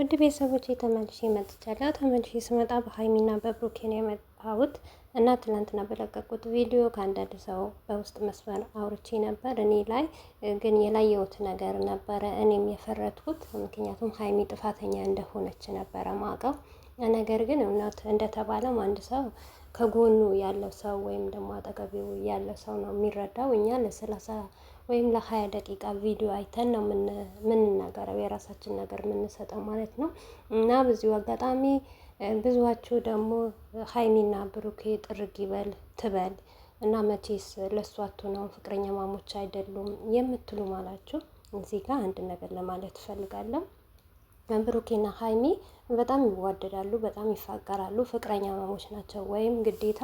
ውድ ቤተሰቦች ተመልሼ መጥቻለሁ። ተመልሼ ስመጣ በሀይሚና በብሩኬን የመጣሁት እና ትናንትና በለቀቁት ቪዲዮ ከአንዳንድ ሰው በውስጥ መስመር አውርቼ ነበር። እኔ ላይ ግን የላየሁት ነገር ነበረ እኔም የፈረድኩት ምክንያቱም ሀይሚ ጥፋተኛ እንደሆነች ነበረ ማቀው። ነገር ግን እውነት እንደተባለም አንድ ሰው ከጎኑ ያለው ሰው ወይም ደግሞ አጠገቢው ያለው ሰው ነው የሚረዳው። እኛ ለሰላሳ ወይም ለሀያ ደቂቃ ቪዲዮ አይተን ነው የምንናገረው የራሳችን ነገር የምንሰጠው ማለት ነው። እና በዚሁ አጋጣሚ ብዙዎቹ ደግሞ ሀይሚና ብሩኬ ጥርግ ይበል ትበል እና መቼስ ለእሷ ነው ፍቅረኛ ማሞች አይደሉም የምትሉ ማላችሁ እዚህ ጋር አንድ ነገር ለማለት እፈልጋለሁ። ብሩኬና ሀይሚ በጣም ይዋደዳሉ፣ በጣም ይፋቀራሉ፣ ፍቅረኛ ማሞች ናቸው። ወይም ግዴታ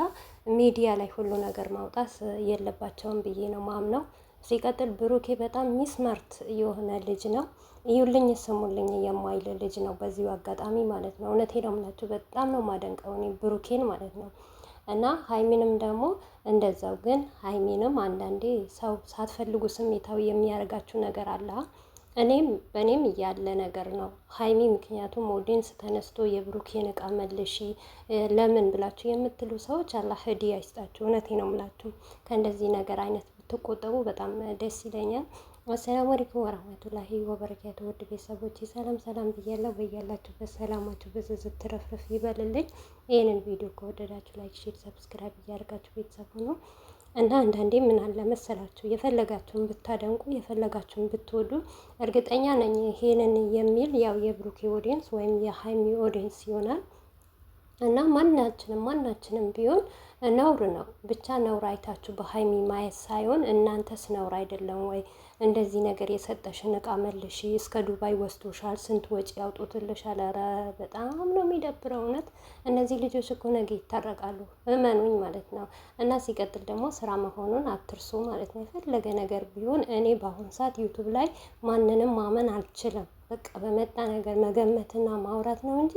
ሚዲያ ላይ ሁሉ ነገር ማውጣት የለባቸውም ብዬ ነው ማምነው። ሲቀጥል ብሩኬ በጣም ሚስማርት የሆነ ልጅ ነው። እዩልኝ ስሙልኝ የማይል ልጅ ነው። በዚሁ አጋጣሚ ማለት ነው እውነቴ ነው የምላችሁ በጣም ነው ማደንቀው እኔ ብሩኬን ማለት ነው። እና ሀይሚንም ደግሞ እንደዛው። ግን ሀይሚንም አንዳንዴ ሰው ሳትፈልጉ ስሜታዊ የሚያደርጋችሁ ነገር አለ። እኔም በእኔም ያለ ነገር ነው ሀይሚ። ምክንያቱም ኦዲንስ ተነስቶ የብሩኬን እቃ መልሺ ለምን ብላችሁ የምትሉ ሰዎች አላህ ህዲ አይስጣችሁ። እውነቴ ነው የምላችሁ ከእንደዚህ ነገር አይነት ብትቆጠቡ በጣም ደስ ይለኛል። አሰላሙ አለይኩም ወረህመቱላሂ ወበረካቱ። ውድ ቤተሰቦች ሰላም ሰላም ብያለሁ። በያላችሁበት ሰላማችሁ ብዝዝት ትረፍርፍ ይበልልኝ። ይህንን ቪዲዮ ከወደዳችሁ ላይክ፣ ሼር፣ ሰብስክራይብ እያደርጋችሁ ቤተሰብ ሁኑ እና አንዳንዴ ምን አለ መሰላችሁ የፈለጋችሁን ብታደንቁ የፈለጋችሁን ብትወዱ እርግጠኛ ነኝ ይሄንን የሚል ያው የብሩኬ ኦዲየንስ ወይም የሀይሚ ኦዲየንስ ይሆናል እና ማናችንም ማናችንም ቢሆን ነውር ነው። ብቻ ነውር አይታችሁ በሀይሚ ማየት ሳይሆን እናንተስ ነውር አይደለም ወይ እንደዚህ ነገር የሰጠሽን እቃ መልሽ፣ እስከ ዱባይ ወስዶሻል፣ ስንት ወጪ ያውጡትልሻል። ኧረ በጣም ነው የሚደብረው እውነት። እነዚህ ልጆች እኮ ነገ ይታረቃሉ፣ እመኑኝ ማለት ነው። እና ሲቀጥል ደግሞ ስራ መሆኑን አትርሱ ማለት ነው። የፈለገ ነገር ቢሆን እኔ በአሁኑ ሰዓት ዩቱብ ላይ ማንንም ማመን አልችልም። በቃ በመጣ ነገር መገመትና ማውራት ነው እንጂ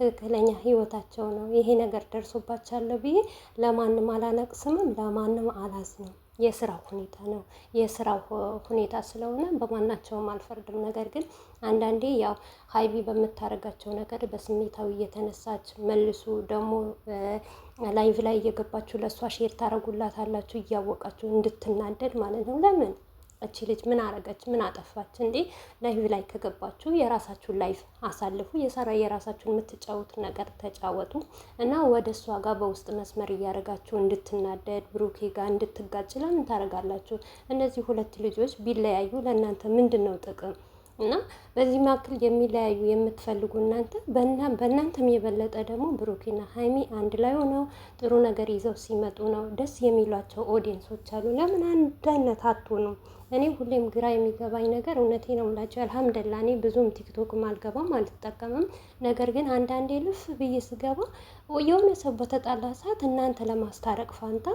ትክክለኛ ህይወታቸው ነው። ይሄ ነገር ደርሶባቸዋል ብዬ ለማንም አላነቅስምም፣ ለማንም አላዝንም። የስራ ሁኔታ ነው። የስራ ሁኔታ ስለሆነ በማናቸውም አልፈርድም። ነገር ግን አንዳንዴ ያው ሀይቢ በምታደርጋቸው ነገር በስሜታዊ እየተነሳች መልሱ ደግሞ ላይቭ ላይ እየገባችሁ ለእሷ ሼር ታደርጉላት አላችሁ እያወቃችሁ እንድትናደድ ማለት ነው። ለምን እቺ ልጅ ምን አረገች? ምን አጠፋች? እንዴ ላይቭ ላይ ከገባችሁ የራሳችሁን ላይፍ አሳልፉ። የሰራ የራሳችሁን የምትጫወቱ ነገር ተጫወቱ እና ወደ እሷ ጋር በውስጥ መስመር እያደረጋችሁ እንድትናደድ ብሩኬ ጋር እንድትጋጭ ለምን ታደርጋላችሁ? እነዚህ ሁለት ልጆች ቢለያዩ ለእናንተ ምንድን ነው ጥቅም? እና በዚህ መካከል የሚለያዩ የምትፈልጉ እናንተ በእናንተም የበለጠ ደግሞ ብሩኪና ሀይሚ አንድ ላይ ሆነው ጥሩ ነገር ይዘው ሲመጡ ነው ደስ የሚሏቸው ኦዲየንሶች አሉ። ለምን አንድ አይነት አትሆኑ? እኔ ሁሌም ግራ የሚገባኝ ነገር እውነቴ ነው የምላቸው። አልሐምደላ እኔ ብዙም ቲክቶክም አልገባም አልጠቀምም። ነገር ግን አንዳንዴ ልፍ ብዬ ስገባ የሆነ ሰው በተጣላ ሰዓት እናንተ ለማስታረቅ ፋንታ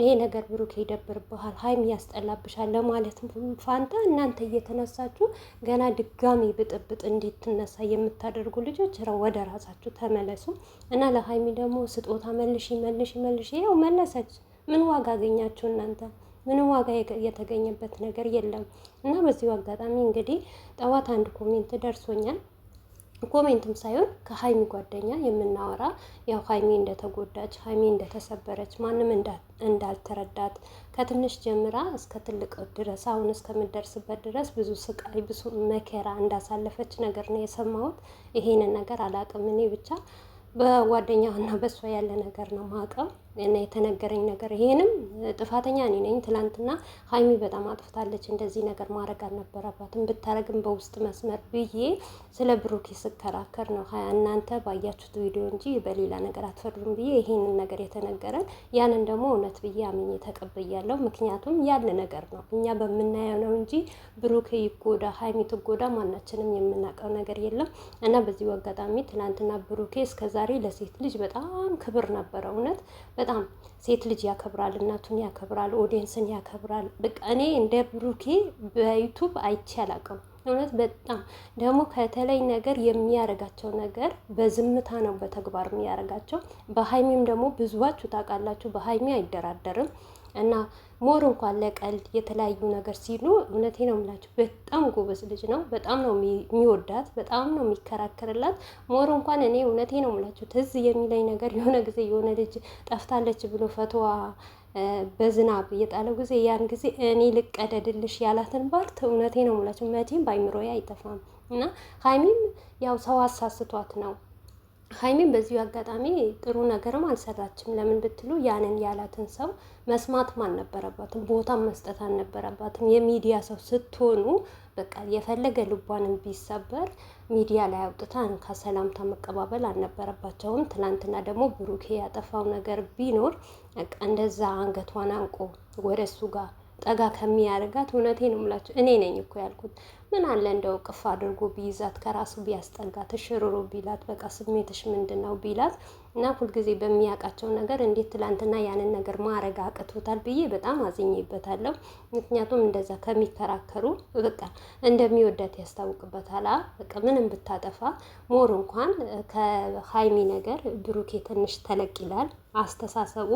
ይሄ ነገር ብሩክ ይደብርብሃል፣ ሀይም ያስጠላብሻል ለማለት ፋንታ እናንተ እየተነሳችሁ ገና ድጋሚ ብጥብጥ እንድትነሳ የምታደርጉ ልጆች ወደ ራሳችሁ ተመለሱ እና ለሀይሚ ደግሞ ስጦታ መልሽ መልሽ መልሽ። ያው መለሰች። ምን ዋጋ አገኛችሁ እናንተ? ምንም ዋጋ የተገኘበት ነገር የለም። እና በዚሁ አጋጣሚ እንግዲህ ጠዋት አንድ ኮሜንት ደርሶኛል። ኮሜንትም ሳይሆን ከሀይሚ ጓደኛ የምናወራ ያው ሀይሚ እንደተጎዳች፣ ሀይሚ እንደተሰበረች፣ ማንም እንዳልተረዳት ከትንሽ ጀምራ እስከ ትልቅ ድረስ አሁን እስከምደርስበት ድረስ ብዙ ስቃይ ብዙ መከራ እንዳሳለፈች ነገር ነው የሰማሁት። ይሄንን ነገር አላቅም እኔ ብቻ በጓደኛውና በእሷ ያለ ነገር ነው ማቀም የተነገረኝ ነገር ይሄንም ጥፋተኛ እኔ ነኝ። ትላንትና ሀይሚ በጣም አጥፍታለች፣ እንደዚህ ነገር ማድረግ አልነበረባትም፣ ብታረግም በውስጥ መስመር ብዬ ስለ ብሩኬ ስከራከር ነው እናንተ ባያችሁት ቪዲዮ እንጂ በሌላ ነገር አትፈርዱም ብዬ ይሄንን ነገር የተነገረን ያንን ደግሞ እውነት ብዬ አምኜ ተቀብያለሁ። ምክንያቱም ያለ ነገር ነው እኛ በምናየው ነው እንጂ ብሩኬ ይጎዳ ሀይሚ ትጎዳ ማናችንም የምናውቀው ነገር የለም እና በዚሁ አጋጣሚ ትላንትና ብሩኬ እስከዛሬ ለሴት ልጅ በጣም ክብር ነበረ እውነት በጣም ሴት ልጅ ያከብራል፣ እናቱን ያከብራል፣ ኦዲየንስን ያከብራል። በቃ እኔ እንደ ብሩኬ በዩቱብ አይቼ አላውቅም። እውነት በጣም ደግሞ ከተለይ ነገር የሚያረጋቸው ነገር በዝምታ ነው በተግባር የሚያረጋቸው። በሀይሚም ደግሞ ብዙዋችሁ ታውቃላችሁ፣ በሀይሚ አይደራደርም እና ሞር እንኳን ለቀልድ የተለያዩ ነገር ሲሉ እውነቴ ነው የምላቸው በጣም ጎበዝ ልጅ ነው። በጣም ነው የሚወዳት፣ በጣም ነው የሚከራከርላት። ሞር እንኳን እኔ እውነቴ ነው የምላችሁ ትዝ የሚለኝ ነገር የሆነ ጊዜ የሆነ ልጅ ጠፍታለች ብሎ ፈቷ በዝናብ የጣለው ጊዜ ያን ጊዜ እኔ ልቀደድልሽ ያላትን ባርት እውነቴ ነው የምላችሁ መቼም ባይምሮዬ አይጠፋም እና ሀይሚም ያው ሰው አሳስቷት ነው ሀይሚን በዚሁ አጋጣሚ ጥሩ ነገርም አልሰራችም። ለምን ብትሉ ያንን ያላትን ሰው መስማትም አልነበረባትም፣ ቦታም መስጠት አልነበረባትም። የሚዲያ ሰው ስትሆኑ በቃ የፈለገ ልቧንም ቢሰበር ሚዲያ ላይ አውጥታ ከሰላምታ መቀባበል አልነበረባቸውም። ትናንትና ደግሞ ብሩኬ ያጠፋው ነገር ቢኖር እንደዛ አንገቷን አንቆ ወደ እሱ ጋር ጠጋ ከሚያደርጋት እውነቴ ነው የምላቸው እኔ ነኝ እኮ ያልኩት ምን አለ እንደው ቅፍ አድርጎ ቢይዛት ከራሱ ቢያስጠጋ እሽሩሩ ቢላት በቃ ስሜትሽ ምንድን ነው ቢላት እና ሁልጊዜ በሚያውቃቸው ነገር እንዴት ትላንትና ያንን ነገር ማድረግ አቅቶታል ብዬ በጣም አዝኜበታለሁ። ምክንያቱም እንደዛ ከሚከራከሩ በቃ እንደሚወዳት ያስታውቅበታል። በቃ ምንም ብታጠፋ ሞር እንኳን ከሀይሚ ነገር ብሩኬ ትንሽ ተለቅ ይላል አስተሳሰቡ።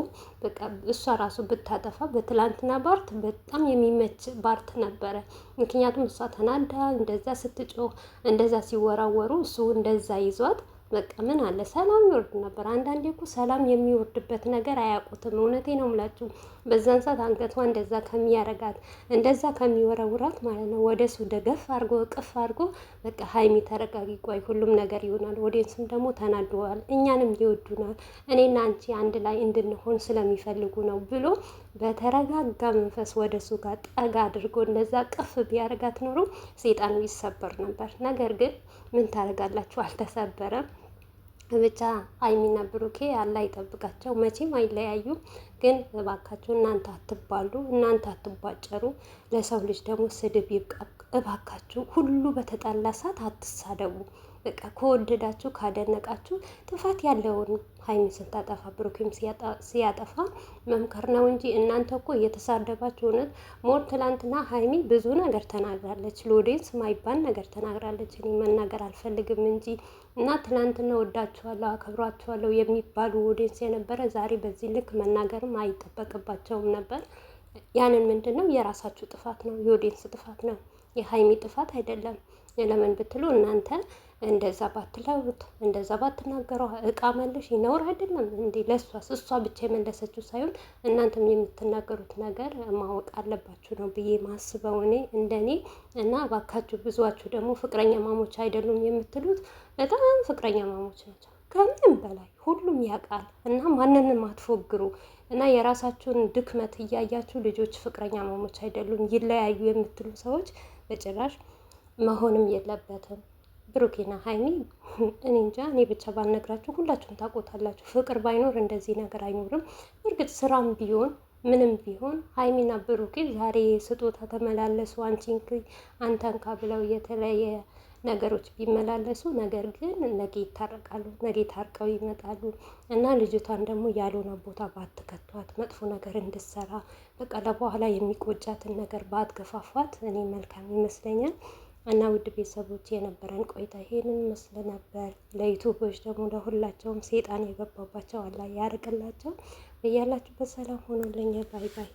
በቃ እሷ ራሱ ብታጠፋ በትላንትና ባርት በጣም የሚመች ባርት ነበረ። ምክንያቱም እሷ ተናድ አንተ እንደዛ ስትጮህ እንደዛ ሲወራወሩ እሱ እንደዛ ይዟት በቃ ምን አለ ሰላም ይወርድ ነበር። አንዳንዴ እኮ ሰላም የሚወርድበት ነገር አያውቁትም። እውነቴ ነው ምላችሁ በዛን ሰዓት አንገቷ እንደዛ ከሚያረጋት እንደዛ ከሚወረውራት ማለት ነው ወደ ሱ ደገፍ አድርጎ እቅፍ አርጎ በቃ ሀይሚ ተረጋጊ፣ ቆይ ሁሉም ነገር ይሆናል። ወዴንስም ደግሞ ተናደዋል፣ እኛንም ይወዱናል፣ እኔና አንቺ አንድ ላይ እንድንሆን ስለሚፈልጉ ነው ብሎ በተረጋጋ መንፈስ ወደ ሱ ጋር ጠጋ አድርጎ እንደዛ ቅፍ ቢያረጋት ኖሮ ሴጣኑ ይሰበር ነበር። ነገር ግን ምን ታደርጋላችሁ? አልተሰበረም። ብቻ ሀይሚና ብሩኬ አላህ ይጠብቃቸው። መቼም አይለያዩም። ግን እባካችሁ እናንተ አትባሉ፣ እናንተ አትቧጨሩ። ለሰው ልጅ ደግሞ ስድብ ይብቃ እባካችሁ። ሁሉ በተጣላ ሰዓት አትሳደቡ። በቃ ከወደዳችሁ ካደነቃችሁ ጥፋት ያለውን ሀይሚ ስታጠፋ ብሩክም ሲያጠፋ መምከር ነው እንጂ እናንተ እኮ እየተሳደባችሁ እውነት ሞር ትላንትና ሀይሚ ብዙ ነገር ተናግራለች። ሎዴንስ ማይባል ነገር ተናግራለች። እኔ መናገር አልፈልግም እንጂ እና ትላንትና ወዳችኋለሁ፣ አከብሯችኋለሁ የሚባሉ ኦዲንስ የነበረ ዛሬ በዚህ ልክ መናገርም አይጠበቅባቸውም ነበር። ያንን ምንድን ነው የራሳችሁ ጥፋት ነው፣ የኦዲንስ ጥፋት ነው፣ የሀይሚ ጥፋት አይደለም። ለምን ብትሉ እናንተ እንደዛ ባትለውት እንደዛ ባትናገረው እቃ መልሽ ይነውር አይደለም እንዴ? ለእሷስ እሷ ብቻ የመለሰችው ሳይሆን እናንተም የምትናገሩት ነገር ማወቅ አለባችሁ ነው ብዬ ማስበው እኔ እንደኔ እና እባካችሁ ብዙዋችሁ ደግሞ ፍቅረኛ ማሞች አይደሉም የምትሉት በጣም ፍቅረኛ ማሞች ናቸው ከምንም በላይ ሁሉም ያውቃል እና ማንንም አትፎግሩ እና የራሳችሁን ድክመት እያያችሁ ልጆች ፍቅረኛ ማሞች አይደሉም ይለያዩ የምትሉ ሰዎች በጭራሽ መሆንም የለበትም። ብሩኬና ሀይሚ እኔ እንጃ እኔ ብቻ ባልነግራችሁ ሁላችሁም ታውቆታላችሁ። ፍቅር ባይኖር እንደዚህ ነገር አይኖርም። እርግጥ ስራም ቢሆን ምንም ቢሆን ሀይሚና ብሩኬ ዛሬ ስጦታ ተመላለሱ፣ አንቺን አንተንካ ብለው የተለየ ነገሮች ቢመላለሱ ነገር ግን ነገ ይታረቃሉ፣ ነገ ታርቀው ይመጣሉ እና ልጅቷን ደግሞ ያልሆነ ቦታ ባትከቷት፣ መጥፎ ነገር እንድትሰራ በቃ ለበኋላ የሚቆጫትን ነገር ባትገፋፏት እኔ መልካም ይመስለኛል። እና ውድ ቤተሰቦች የነበረን ቆይታ ይሄንን መስል ነበር። ለዩቱቦች ደግሞ ለሁላቸውም ሴጣን የገባባቸው አላ ያርቅላቸው። በያላችሁበት ሰላም ሆኖልኝ ባይ ባይ።